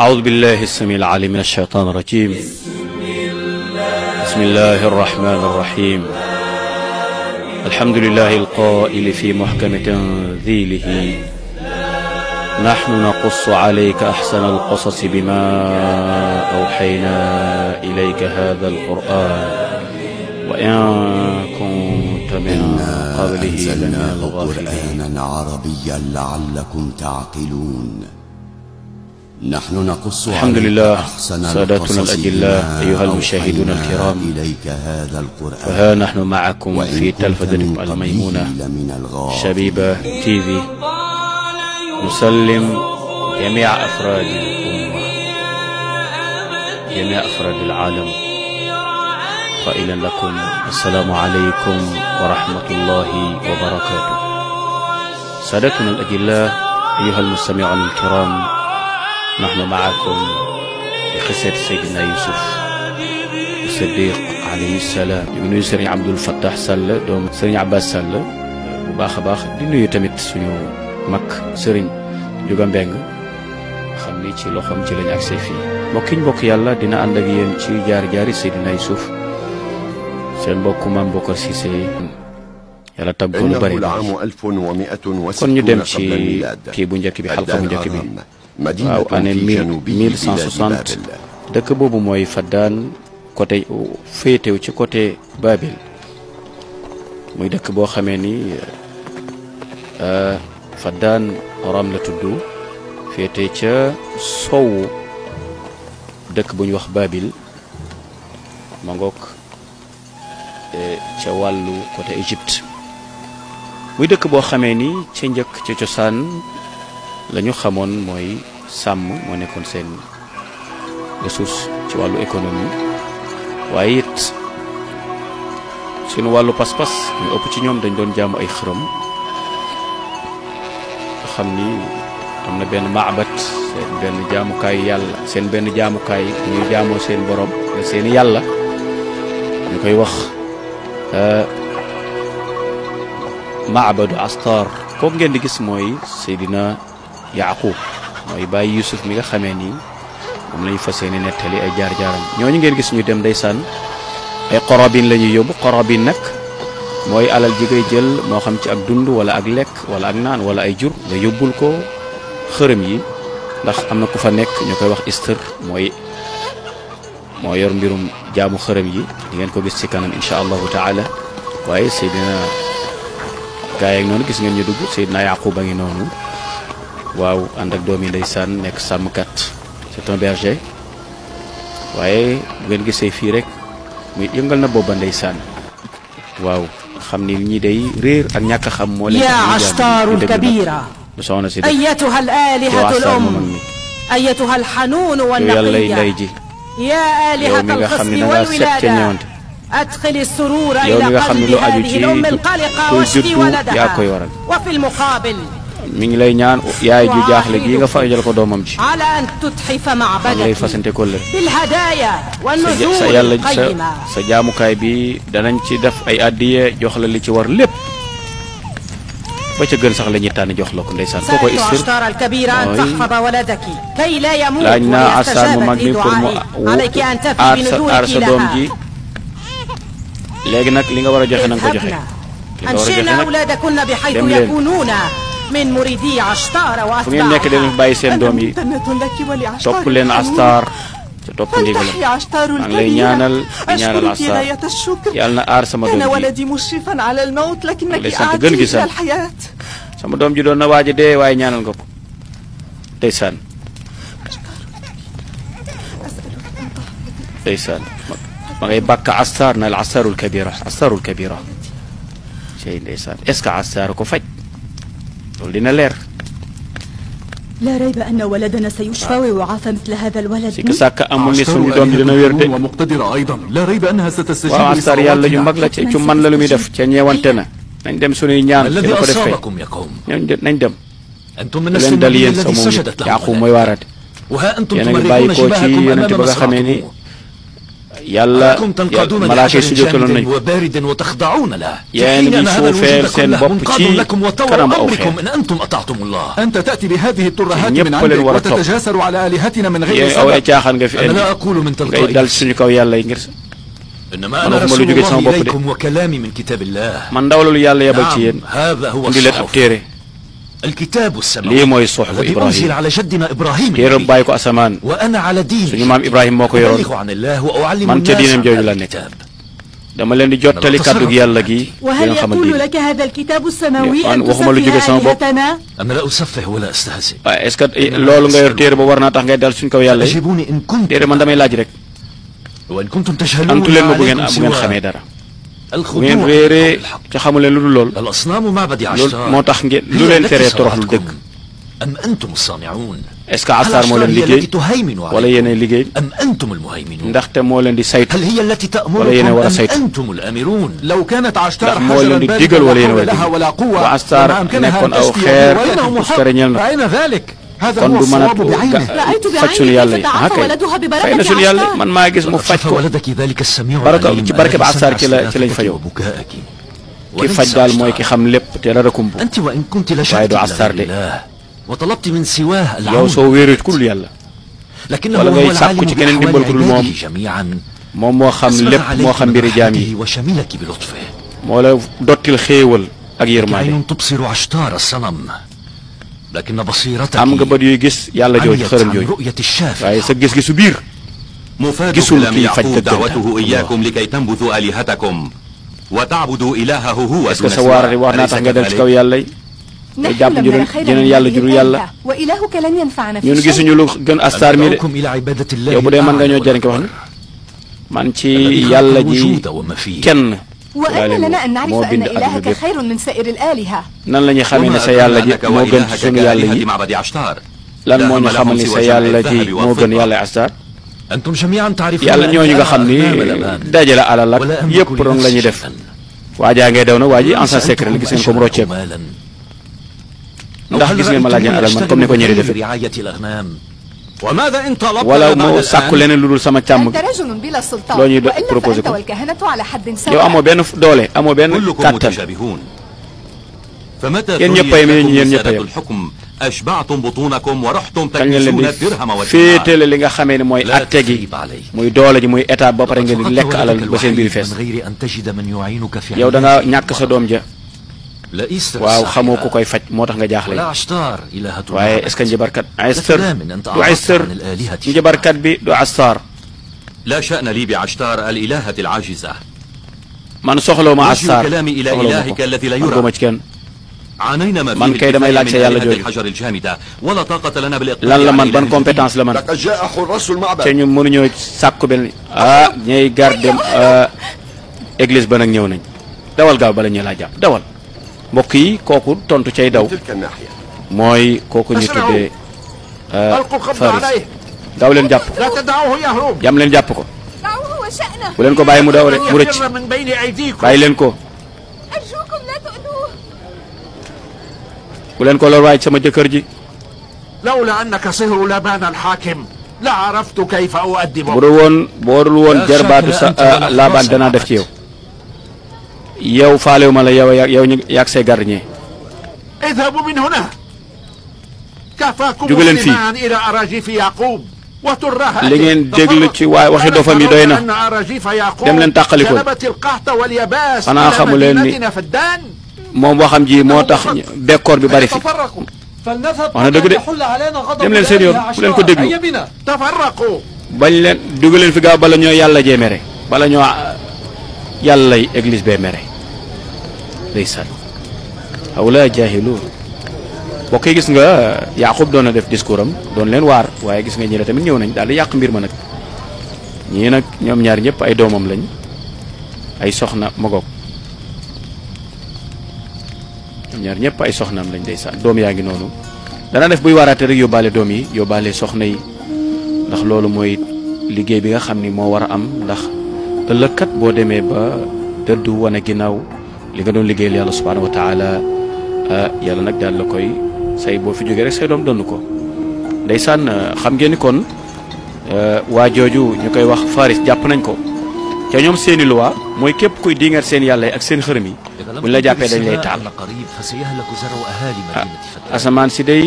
أعوذ بالله السميع العليم من الشيطان الرجيم بسم الله الرحمن الرحيم الحمد لله القائل في محكم تنزيله نحن نقص عليك أحسن القصص بما أوحينا إليك هذا القرآن وإن كنت من قبله لمن الغافلين عربيا لعلكم تعقلون نحن نقص الحمد لله سادتنا الأجلاء أيها المشاهدون الكرام فها نحن معكم في تلفزة الميمونة شبيبة تي في نسلم جميع أفراد الأمة جميع أفراد العالم قائلا لكم السلام عليكم ورحمة الله وبركاته سادتنا الأجلاء أيها المستمعون الكرام نحن معكم بقصة سيدنا يوسف Siddiq alayhi salaam ñu ngi nuyu sëriñ Abdul Fattah Sall doomu sëriñ Abbas Sall bu baax a baax di nuyu tamit suñu mag sëriñ Juga Mbeng xam ni ci loxoom ci lañ ak see fii mbokkiñ mbokk yàlla dina ànd ak yéen ci jaar-jaari Seydina suuf seen mbokk maam Bokar Cissé yàlla tab ko lu bari kon ñu dem ci kii bu njëkk bi xalqa bu njëkk bi waaw année mille mille cent soixante dëkk boobu mooy Faddaan côté féetew ci côté Babil muy dëkk boo xamee ni euh, euh, Faddaan Ram la tudd féete ca sowu dëkk bu ñu wax Babil ma ngoog e, ca wàllu côté Égypte muy dëkk boo xamee ni ca njëkk ca cosaan lañu xamoon mooy sàmm moo nekkoon seen ressource ci wàllu économie waaye it suñu wàllu pas-pas ñu ëpp ci ñoom dañ doon jaamu ay xërëm nga xam ni am na benn maabat seen benn jaamukaay yàlla seen benn jaamukaay ñuy jaamoo seen borom seen yàlla ñu koy wax euh, maabadu astar kooku ngeen di gis mooy Seydina yaqub mooy bàyyi yusuf mi nga xamee nii moom la ñu fas yéene nettali ay jaar-jaaram ñooñu ngeen gis ñu dem ndeysaan ay xorobin la ñuy yóbbu xorobin nag mooy alal ji ngay jël moo xam ci ak dund wala ak lekk wala ak naan wala ay jur nga yóbbul ko xërëm yi ndax am na ku fa nekk ñu koy wax istër mooy moo yor mbirum jaamu xërëm yi di ngeen ko gis ci kanam incha allahu taala waaye Seydina gaa yeeg noonu gis ngeen ñu dugg Seydina Yaquba ngi noonu waaw ànd ak doomi ndeysaan nekk sàmmkat c'est un berger waaye bu ngeen gisee fii rek mu yëngal na booba ndeysaan waaw xam ni ñi day réer ak ñàkk xam moo leen yaa astaaru kabira soxna si ayatuha al alihatu al um ayatuha al xanuun wa naqiya yàlla lay ji yaa alihata al xisni wal wilada adxil surura ila qalbi hadihi al um alqaliqa washfi walada wa fi al muqabil mi ngi lay ñaan yaay ju jaaxle gi nga fajal ko doomam ji man lay fasante kóllëre sa yàlla sa sa jaamukaay bi danañ ci def ay àddiye jox la li ci war lépp ba ca gën sax la ñuy tànn jox la ko ndeysaan ko koy istir mooy laaj naa asaan mu mag mi pour mu aar sa doom ji léegi nag li nga war a joxe na ko joxe li nga war a joxe nag dem leen min muridi Ashtaara wa atbaaha fu ngeen nekk de bàyyi seen doom yi topp leen Ashtaar te topp ndigal maa ngi lay ñaanal ñaanal Ashtaar yàlla na aar sama doom ji maa ngi lay sant gën gi sax sama doom ji doon na waaj a dee waaye ñaanal nga ko ndeysaan ndeysaan ma ngay bàkk Ashtaar na la Ashtaarul Kabira Ashtaarul Kabira. Ndeysaan est-ce que Ashtaar ko faj. loolu dina leer. laa rayba anna waladanaa sayushfaa wa yu'aafaa misla haazaa al-walad. si sàkk amul ni suñu doom dina wér de. waaw Ansar yàlla ñu mag la ci ci man la lu muy def ca ñeewante na. nañ dem suñuy ñaan ci la ko defee ñoom nañ dem. da leen dal yéen sa moom it yàqu mooy waaraate. yéen a ngi bàyyi ko ci yonente ba nga xamee ni. yàlla malaaka yi sujjataloon nañ yéen di suufeel seen bopp ci kanam aw xeer ñëpp leen war a topp yéen aw ay caaxaan nga fi indi ngay dal ci suñu kaw yàlla yi ngir man waxuma lu jóge sama bopp de man ndaw loolu yàlla yebal ci yéen indi leen ab téere lii mooy suxbu Ibrahima téeram bàyyi ko asamaan suñu maam Ibrahima moo ko yoroon man ca diinam jooju la nekk dama leen di jottali kàddu gi yàlla gi di leen xamal diine waxuma lu jóge sama bopp waaye est-ce que loolu nga yor téere ba war naa tax ngay dal suñ kaw yàlla yi téere man damay laaj rek antu leen ma bu ngeen bu ngeen xamee dara. bu ngeen réeree ca xamu leen lu dul lool loolu moo tax ngeen lu leen teree toroxlu dëgg est-ce que astaar moo leen liggéey wala yéenay liggéey ndaxte moo leen di saytu wala yéenay war a saytu ndax moo leen di digal wala yéenay war a digal wa astaar nekkoon aw xeer puskare ñeel na kon du mën a faj sunu yàlla yi ah kay fay na sunu yàlla man maa gis mu faj ko baraka ci barke ba Absaar ci la ci lañ fajoo ki faj daal mooy ki xam lépp te dara kumbu waaye du Absaar de yow soo wéeru ku dul yàlla wala ngay sàkku ci keneen dimbal ku dul moom moom moo xam lépp moo xam mbiri jaam yi moo la dottil xéewal ak yërmaande. am nga bët yuy gis yàlla jooju xërëm jooju waaye sa gis-gisu biir gisul kii faj dëgg wa taabudu ilaahahu huwa est-ce que sa waarati wax naa tax nga dem ci kaw yàlla yi nga jàpp ñu jeneen yàlla jurul yàlla ñun gisuñu lu gën astaar mi de yow bu dee mën nga ñoo jëriñ ko wax man ci yàlla ji kenn waane lana an naarifa anna ilahaka xayrun min saa'iri al nan la ñuy xamee ne sa yàlla ji moo gën ci sunu yàlla yi lan moo ñu xamal ni sa yàlla ji moo gën yàlla Ashtar yàlla nga xam ni dajale alal ak yëpp ron la ñuy def waajaa ngay daw na waa ji ancien secret la gis ngeen ko mu rocceeku ndax gis ngeen ma laaj leen alal man comme ni ko ñëri defee wala mu sàkku leneen lu dul sama càmm loo ñuy proposé ko yow amoo benn doole amoo benn kàttan yéen ñëpp a yem yéen ñëpp a yem kañ ngeen leen di féetale li nga xamee ne mooy atte gi muy doole ji muy état ba pare ngeen di lekk alal ba seen biir fees ñàkk sa doom ja. waaw xamoo ku koy faj moo tax nga jaaxle waaye est-ce que njabarkat astar du astar njabarkat bi du astar la sha'na li bi ashtar al ilahati al ajiza man soxloo ma astar soxloo ma ci kenn man kay damay laajte yàlla jooju lan la man ban compétence la man te ñu mënuñoo sàkku benn ah ñay garde ah, église ba nag ñëw nañ dawal gaaw bala ñu laa jàpp dawal mbokk yi kooku tontu cey daw mooy kooku ñu tuddee euh, faris daw leen jàpp ko yam leen jàpp ko bu leen ko bàyyi mu daw mu rëcc bàyyi leen ko bu leen ko lool waay sama jëkkër ji lawla annaka sihru laban al-hakim la araftu kayfa u'addibu bu dul woon boorul woon jarbaatu sa laabaan euh, danaa def ci yow yow faalewu ma la yow yow ñu yàgg say gardien jóge leen fii li ngeen déglu ci waay waxi dofam yi doy na dem leen tàqali ko xanaa xamu leen ni moom waxam ji moo tax bekkoor bi bari fi wax na dëgg de dem leen seen yoon bu leen ko déglu bañ leen jóge leen fi gaaw bala ñoo yàlla jéemere yàlla lay église bee mere ndeysaan awla jaahiluun mbokk yi gis nga Yaaqub doon na def discours doon leen waar waaye gis nga ñi la tamit ñëw nañ daal di yàq mbir ma nag ñii nag ñoom ñaar ñëpp ay doomam lañ ay soxna magoog ñoom ñaar ñëpp ay soxnaam lañ ndeysaan doom yaa ngi noonu dana def buy waaraate rek yóbbaale doom yi yóbbaale soxna yi ndax loolu mooy liggéey bi nga xam ni moo war a am ndax ëllëg kat boo demee ba dëddu wane ginnaaw li nga doon liggéeyal yàlla subhaanahu wa taala eh, yàlla nag daal la koy say boo fi jógee rek say doom donn ko ndeysaan eh, xam ngeen ni kon eh, waa jooju ñu koy wax Faris jàpp nañ ko te ñoom seeni luwa mooy képp kuy diingat seen yàlla yi ak seen xërëm yi buñ la jàppee dañ lay taal ah, asamaan si day